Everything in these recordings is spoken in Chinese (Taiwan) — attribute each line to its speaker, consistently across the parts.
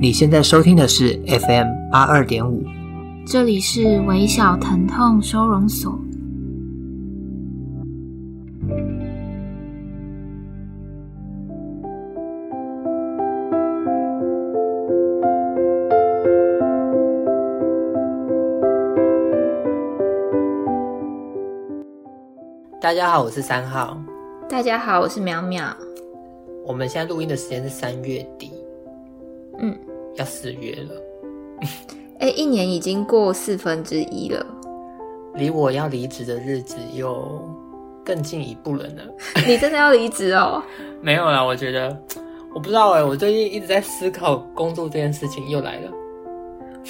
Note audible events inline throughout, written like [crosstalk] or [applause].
Speaker 1: 你現在收聽的是 FM 八二點五，
Speaker 2: 這裡是微小疼痛收容所。
Speaker 1: 大家好，我是三號。
Speaker 2: 大家好，我是淼淼。
Speaker 1: 我們現在錄音的時間是三月底。嗯。要四月了，
Speaker 2: 哎、 [laughs] 欸，一年已經過四分之
Speaker 1: 一了，離我要離職的日子又更進一步了呢。 [laughs] 你真的要離職哦？沒有啦，我覺得我不知道哎、欸，我最近一直在思考工作這件事情又來了。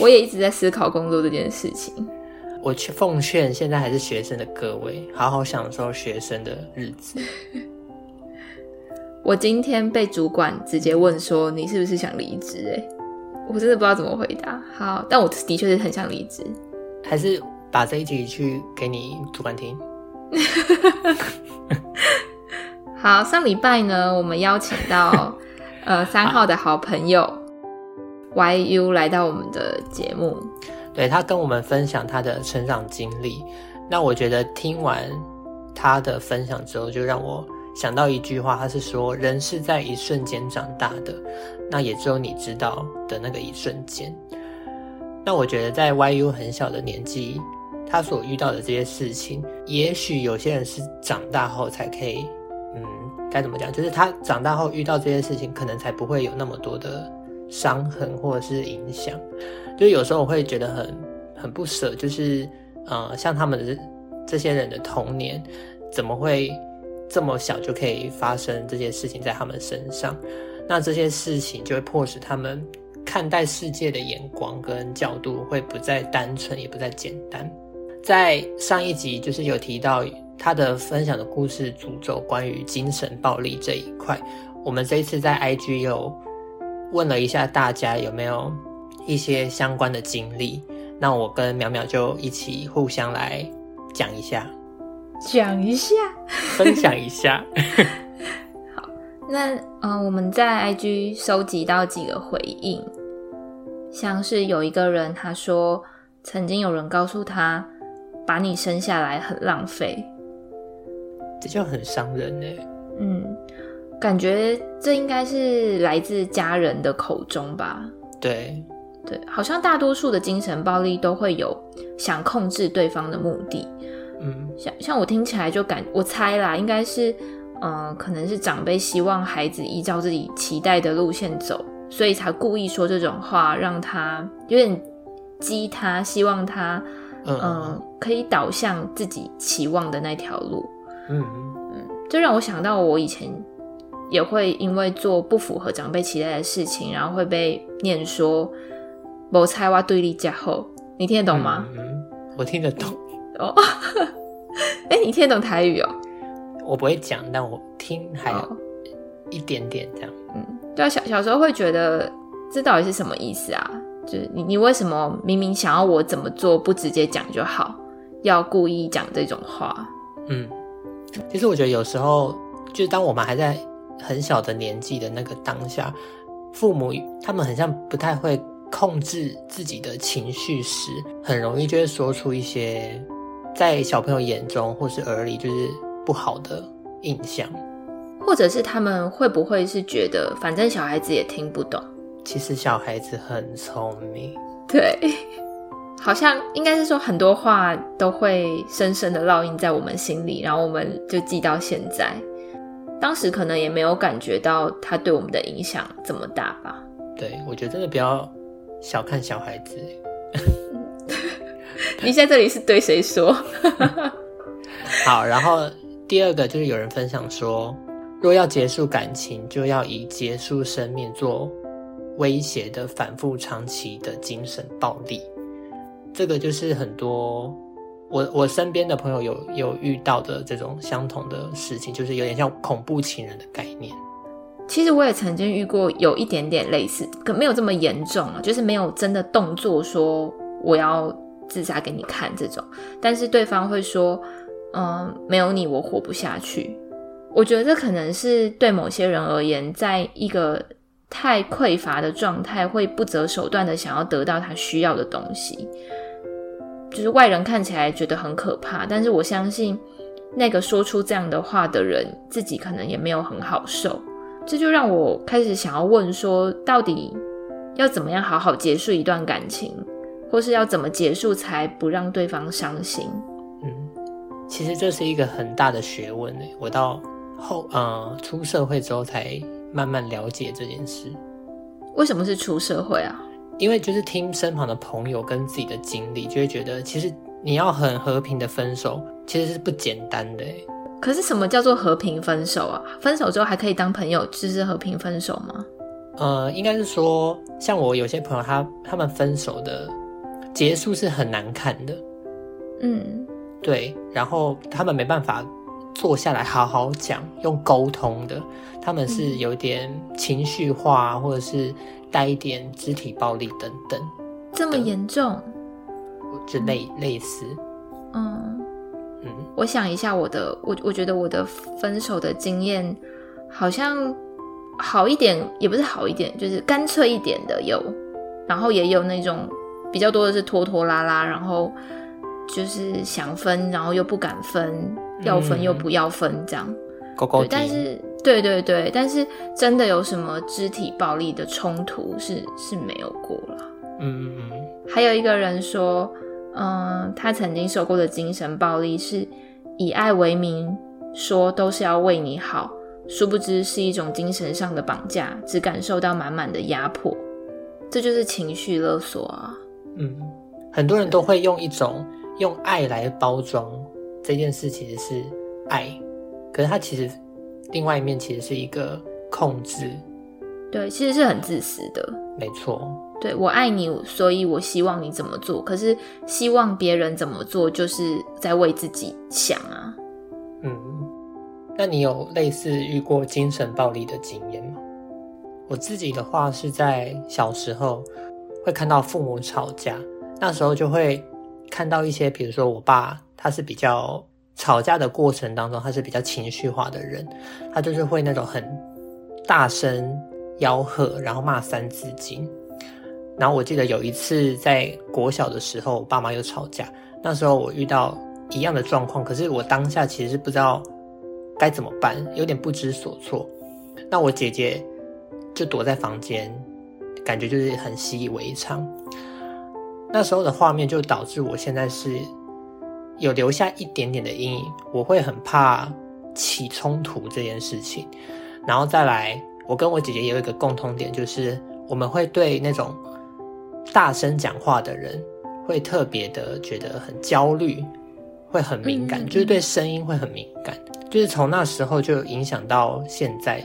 Speaker 2: 我也一直在思考工作這件事情。
Speaker 1: 我去奉勸現在還是學生的各位，好好享受學生的日子。
Speaker 2: [laughs] 我今天被主管直接問說：“你是不是想離職、欸？”哎。我真的不知道怎麼回答。好，但我的確是很想離職，
Speaker 1: 還是把這一集去給你主管聽。
Speaker 2: [laughs] [laughs] 好，上禮拜呢，我們邀請到 [laughs] 呃三號的好朋友好 YU 來到我們的節目，
Speaker 1: 對，他跟我們分享他的成長經歷。那我覺得聽完他的分享之後，就讓我。想到一句話，他是說人是在一瞬間長大的，那也只有你知道的那個一瞬間。那我覺得在 YU 很小的年紀，他所遇到的這些事情，也許有些人是長大後才可以，嗯，該怎麼講？就是他長大後遇到這些事情，可能才不會有那麼多的傷痕或者是影響。就是有時候我會覺得很很不捨，就是呃，像他們的這些人的童年怎麼會？這麼小就可以發生這些事情在他們身上，那這些事情就會迫使他們看待世界的眼光跟角度會不再單純，也不再簡單。在上一集就是有提到他的分享的故事，主軸關於精神暴力這一塊。我們這一次在 IG 又問了一下大家有沒有一些相關的經歷，那我跟淼淼就一起互相來講一下。
Speaker 2: 講一下，
Speaker 1: [laughs] 分享一下。
Speaker 2: [laughs] 好，那、呃、我們在 IG 收集到幾個回應，像是有一個人他說，曾經有人告訴他，把你生下來很浪費，
Speaker 1: 這就很傷人呢、欸。嗯，
Speaker 2: 感覺這應該是來自家人的口中吧？對，對，好像大多數的精神暴力都會有想控制對方的目的。嗯，像像我聽起來就感，我猜啦，應該是，嗯、呃，可能是長輩希望孩子依照自己期待的路線走，所以才故意說這種話，讓他有點激他，希望他，呃、嗯，嗯，嗯，可以導向自己期望的那條路。嗯嗯，嗯，就讓我想到我以前也會因為做不符合長輩期待的事情，然後會被念說“某菜哇對立家後”，你聽得懂嗎？嗯，嗯，
Speaker 1: 我聽得懂。哦，哎、 [laughs] 欸，你聽得懂台語哦？我不會講，但我聽還有一點點這樣。哦、嗯，對、啊，小小時候會覺得
Speaker 2: 這到底是什麼意思啊？就是你你為什麼明明想要我怎麼做，不直接
Speaker 1: 講就好，
Speaker 2: 要故意講這種話？
Speaker 1: 嗯，其實我覺得有時候，就是當我們還在很小的年紀的那個當下，父母他們很像不太會控制自己的情緒時，很容易就會說出一些。在小朋友眼中或是耳裡，就是不好的印象，
Speaker 2: 或者是他們會不會是覺得，反正小孩子也聽不懂？
Speaker 1: 其實小孩子很聰明，
Speaker 2: 對，好像應該是說很多話都會深深的烙印在我們心裡，然後我們就記到現在。當時可能也沒有感覺到他對我們的影響這麼大吧？
Speaker 1: 對，我覺得真的不要小看小孩子。 [laughs] [laughs] 你在這裡是對誰說？ [laughs] 嗯。好，然後第二個就是有人分享說，若要結束感情，就要以結束生命做威脅的反覆長期的精神暴力。這個就是很多我我身邊的朋友有有遇到的這種相同的事情，就是有點像恐怖情人的概念。
Speaker 2: 其實我也曾經遇過有一點點類似，可沒有這麼嚴重啊，就是沒有真的動作說我要。自殺給你看這種，但是對方會說，嗯，沒有你我活不下去。我覺得這可能是對某些人而言，在一個太匱乏的狀態，會不擇手段的想要得到他需要的東西。就是外人看起來覺得很可怕，但是我相信那個說出這樣的話的人，自己可能也沒有很好受。這就讓我開始想要問說，到底要怎麼樣好好結束一段感情？或是要怎麼結束才不讓對
Speaker 1: 方傷心？嗯，其實這是一個很大的學問誒、欸。我到後，呃，出社會之後才慢慢了解這件事。為什麼是出社會啊？因為就是聽身旁的朋友跟自己的經歷，就會覺得其實你要很和平的分手，其實是不簡單的、欸。可是什麼叫做和平
Speaker 2: 分手啊？分手之後還可以當朋友，就是和平分手嗎？
Speaker 1: 呃，應該是說，像我有些朋友他，他他們分手的。結束是很難看的，
Speaker 2: 嗯，
Speaker 1: 對，然後他們沒辦法坐下來好好講，用溝通的，他們是有點情緒化，嗯、或者是帶一點肢體暴力等等，
Speaker 2: 這麼嚴重，
Speaker 1: 這類、嗯、類似，
Speaker 2: 嗯嗯，嗯，我想一下我，我的我我覺得我的分手的經驗好像好一點，也不是好一點，就是乾脆一點的有，然後也有那種，比較多的是拖拖拉拉，然後就是想分，然後又不敢分，嗯、要分又不要分，這樣。
Speaker 1: 對，但是，
Speaker 2: 對對對，但是真的有什麼肢體暴力的衝突是是沒有過了，嗯。嗯嗯嗯。還有一個人說，嗯、呃，他曾經受過的精神暴力是以愛為名，說都是要為你好，殊不知是一種精神上的綁架，只感受到滿滿的壓迫，這就是情緒勒索啊。
Speaker 1: 嗯，很多人都會用一種用愛來包裝這件事，其實是愛，可是它其實另外一面其實是一個控制。對，其實是很自私的。沒錯。
Speaker 2: 對，我愛你，所以我希望你怎麼做，可是希望別人怎麼做，就是在為自己想啊。嗯，
Speaker 1: 那你有類似遇過精神暴力的經驗嗎？我自己的話是在小時候。會看到父母吵架，那時候就會看到一些，比如說我爸，他是比較吵架的過程當中，他是比較情緒化的人，他就是會那種很大聲吆喝，然後罵三字經。然後我記得有一次在國小的時候，我爸媽又吵架，那時候我遇到一樣的狀況，可是我當下其實是不知道該怎麼辦，有點不知所措。那我姐姐就躲在房間。感覺就是很習以為常，那時候的畫面就導致我現在是有留下一點點的陰影，我會很怕起衝突這件事情，然後再來，我跟我姐姐也有一個共通點，就是我們會對那種大聲講話的人會特別的覺得很焦慮，會很敏感，就是對聲音會很敏感，就是從那時候就影響到現在。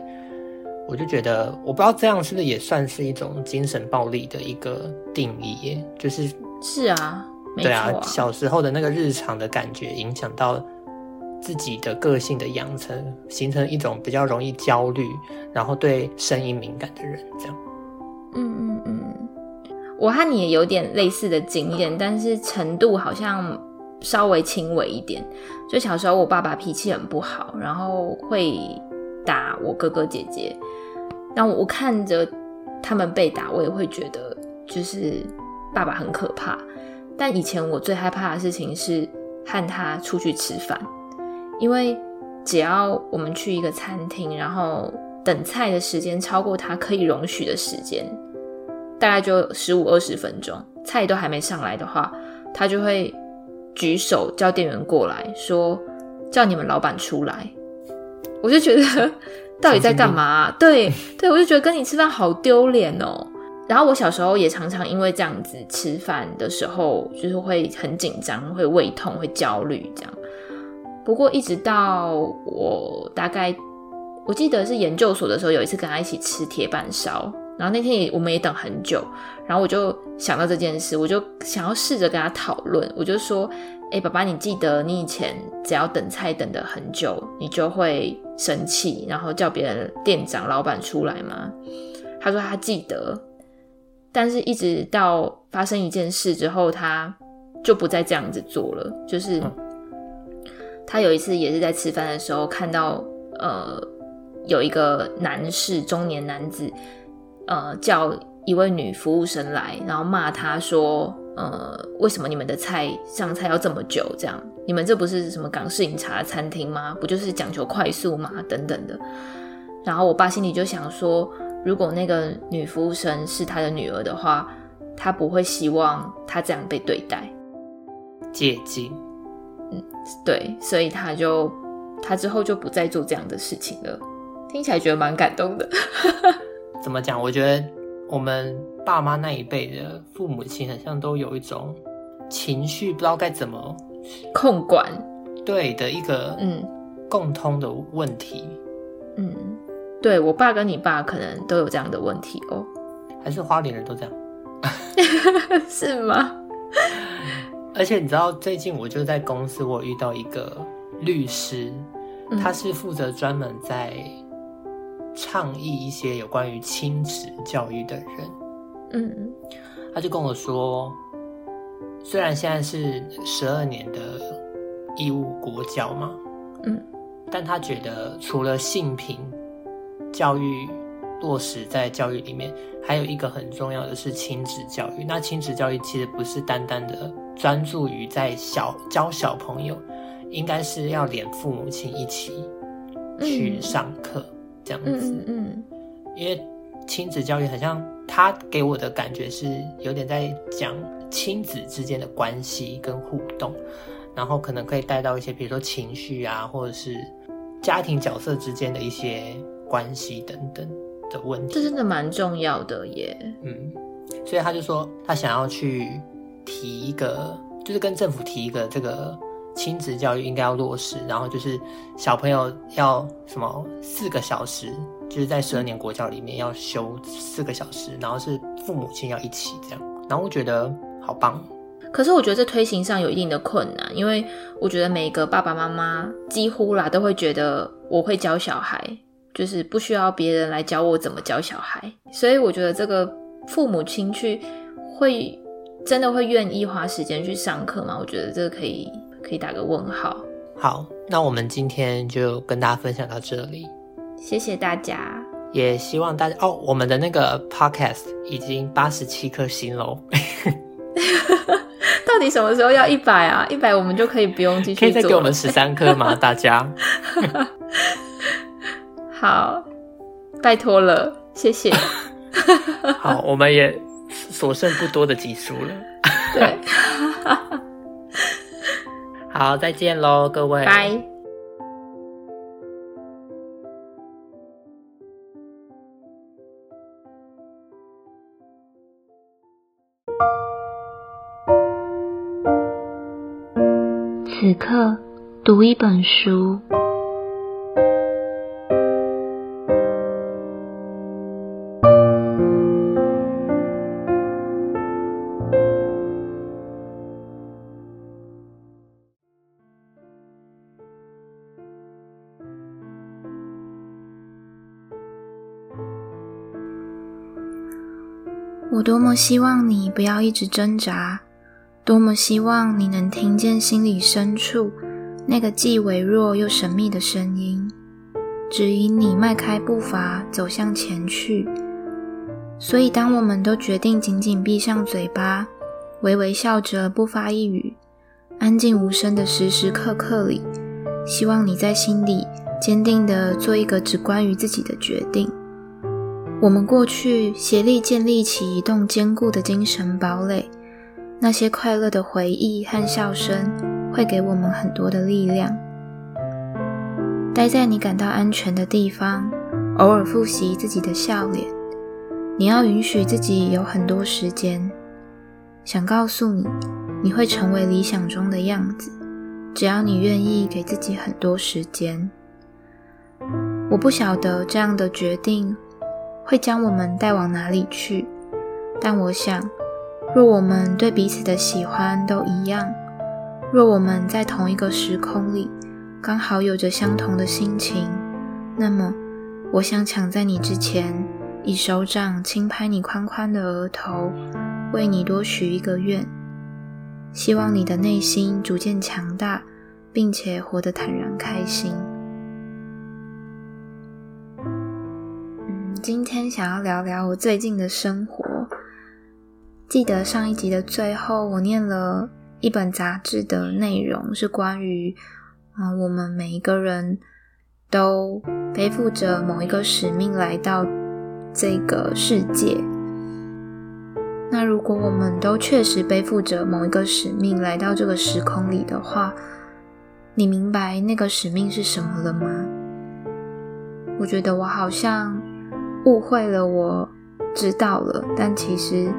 Speaker 1: 我就覺得，我不知道這樣是不是也算是一種精神暴力的一個定義耶，就是是啊，沒對啊，小時候的那個日常的感覺影響到自己的個性的養成，形成一種比較容易焦慮，然後對聲音敏感的人，這樣。嗯
Speaker 2: 嗯嗯，我和你也有點類似的經驗，嗯、但是程度好像稍微輕微一點。就小時候我爸爸脾氣很不好，然後會打我哥哥姐姐。但我看着他們被打，我也會覺得就是爸爸很可怕。但以前我最害怕的事情是和他出去吃飯，因為只要我們去一個餐廳，然後等菜的時間超過他可以容許的時間，大概就十五二十分鐘，菜都還沒上來的話，他就會舉手叫店員過來，說叫你們老闆出來。我就覺得。到底在幹嘛啊？對對，我就覺得跟你吃飯好丟臉哦。然後我小時候也常常因為這樣子吃飯的時候，就是會很緊張，會胃痛，會焦慮這樣。不過一直到我大概我記得是研究所的時候，有一次跟他一起吃鐵板燒。然後那天我們也等很久，然後我就想到這件事，我就想要試着跟他討論。我就說：“哎、欸，爸爸，你記得你以前只要等菜等得很久，你就會生氣，然後叫別人店長、老闆出來嗎？”他說他記得，但是一直到發生一件事之後，他就不再這樣子做了。就是他有一次也是在吃飯的時候，看到呃有一個男士中年男子。呃，叫一位女服務生來，然後罵她說：“呃，為什麼你們的菜上菜要這麼久？這樣，你們這不是什麼港式飲茶餐廳嗎？不就是講求快速嗎？等等的。”然後我爸心裡就想說：“如果那個女服務生是他的女兒的話，他不會希望她這樣被對待。借
Speaker 1: 金”借機，嗯，
Speaker 2: 對，所以他就他之後就不再做這樣的事
Speaker 1: 情了。聽起來覺得蠻感動的。 [laughs] 怎麼講？我覺得我們爸媽那一輩的父母親，好像都有一種情緒，不知道該怎麼控管。對的一個，嗯，共通的問題。嗯，嗯，
Speaker 2: 對，我爸跟你爸可能都有這樣的問題哦。還
Speaker 1: 是花蓮人都這樣？
Speaker 2: [laughs] [laughs] 是嗎？
Speaker 1: 而且你知道，最近我就在公司，我遇到一個律師，嗯、他是負責專門在。倡議一些有關於親子教育的人，嗯，他就跟我說，雖然現在是十二年的義務國教嘛，嗯，但他覺得除了性平教育落實在教育裡面，還有一個很重要的是親子教育。那親子教育其實不是單單的專注於在小，教小朋友，應該是要連父母親一起去上課。嗯嗯
Speaker 2: 這
Speaker 1: 樣子，嗯，因為親子教育好像，他給我的感覺是有點在講親子之間的關係跟互動，然後可能可以帶到一些，比如說情緒啊，或者是家庭角色之間的一些關係等等的問題。這真的蠻重要的耶。嗯，所以他就說他想要去提一個，就是跟政府提一個這個。親子教育應該要落實，然後就是小朋友要什麼四個小時，就是在十二年國教裡面要修四個小時，然後是父母親要一起這樣，然後我覺得好棒。
Speaker 2: 可是我覺得這推行上有一定的困難，因為我覺得每個爸爸媽媽幾乎啦都會覺得我會教小孩，就是不需要別人來教我怎麼教小孩，所以我覺得這個父母親去會真的會願意花時間去上課嗎？我覺得這個可以。可以打個問號。
Speaker 1: 好，那我們今天就跟大家分享到這裡，
Speaker 2: 謝謝大家。
Speaker 1: 也希望大家哦，我們的那個 podcast 已經八十七顆星嘍。
Speaker 2: [laughs] [laughs] 到底什麼時候要一百啊？一百我們就可以不用繼續做了。可以再給我們十三顆嗎？ [laughs]
Speaker 1: 大家。
Speaker 2: [laughs] 好，拜托了，謝謝。
Speaker 1: [laughs] 好，我們也所剩不多的集數了。 [laughs] 對。 [laughs] 好，再見嘍，各位。拜。
Speaker 2: 此刻，讀一本書。多麼希望你不要一直掙扎，多麼希望你能聽見心裡深處那個既微弱又神秘的聲音，指引你邁開步伐走向前去。所以，當我們都決定緊緊閉上嘴巴，微微笑着不發一語，安靜無聲的時時刻刻裡，希望你在心裡堅定地做一個只關於自己的決定。我們過去協力建立起一棟堅固的精神堡壘，那些快樂的回憶和笑聲會給我們很多的力量。待在你感到安全的地方，偶爾複習自己的笑臉。你要允許自己有很多時間。想告訴你，你會成為理想中的樣子，只要你願意給自己很多時間。我不曉得這樣的決定，會將我們帶往哪裡去？但我想，若我們對彼此的喜歡都一樣，若我們在同一個時空裡，剛好有着相同的心情，那麼，我想搶在你之前，以手掌輕拍你寬寬的額頭，為你多許一個願，希望你的內心逐漸強大，並且活得坦然開心。今天想要聊聊我最近的生活。記得上一集的最後，我念了一本雜誌的內容，是關於嗯、呃，我們每一個人都背負着某一個使命來到這個世界。那如果我們都確實背負着某一個使命來到這個時空裡的話，你明白那個使命是什麼了嗎？我覺得我好像。誤會了我，我知道了，但其實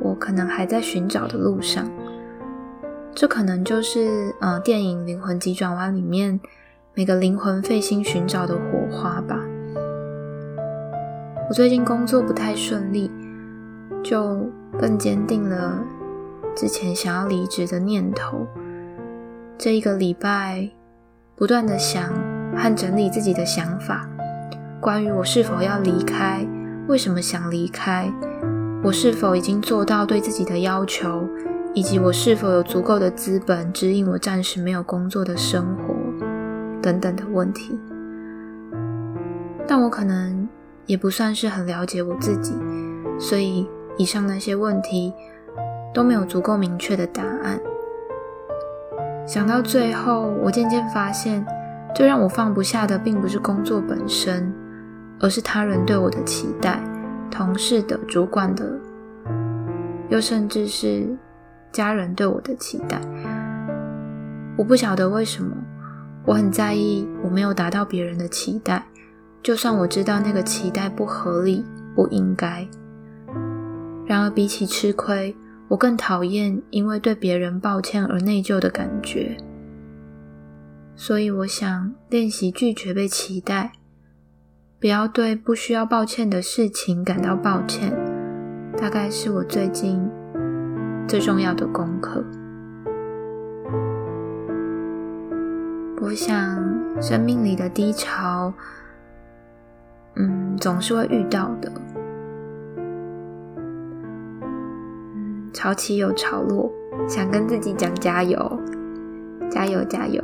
Speaker 2: 我可能還在尋找的路上。這可能就是嗯、呃，電影《靈魂急轉彎》裡面每個靈魂費心尋找的火花吧。我最近工作不太順利，就更堅定了之前想要離職的念頭。這一個禮拜，不斷的想和整理自己的想法。關於我是否要離開，為什麼想離開，我是否已經做到對自己的要求，以及我是否有足夠的資本支撐我暫時沒有工作的生活，等等的問題。但我可能也不算是很了解我自己，所以以上那些問題都沒有足夠明確的答案。想到最後，我漸漸發現，最讓我放不下的並不是工作本身。而是他人對我的期待，同事的、主管的，又甚至是家人對我的期待。我不曉得為什麼，我很在意我沒有達到別人的期待，就算我知道那個期待不合理、不應該。然而，比起吃虧，我更討厭因為對別人抱歉而內疚的感覺。所以，我想練習拒絕被期待。不要對不需要抱歉的事情感到抱歉，大概是我最近最重要的功課。我想，生命裡的低潮，嗯，總是會遇到的。嗯，潮起有潮落，想跟自己講加油，加油，加油。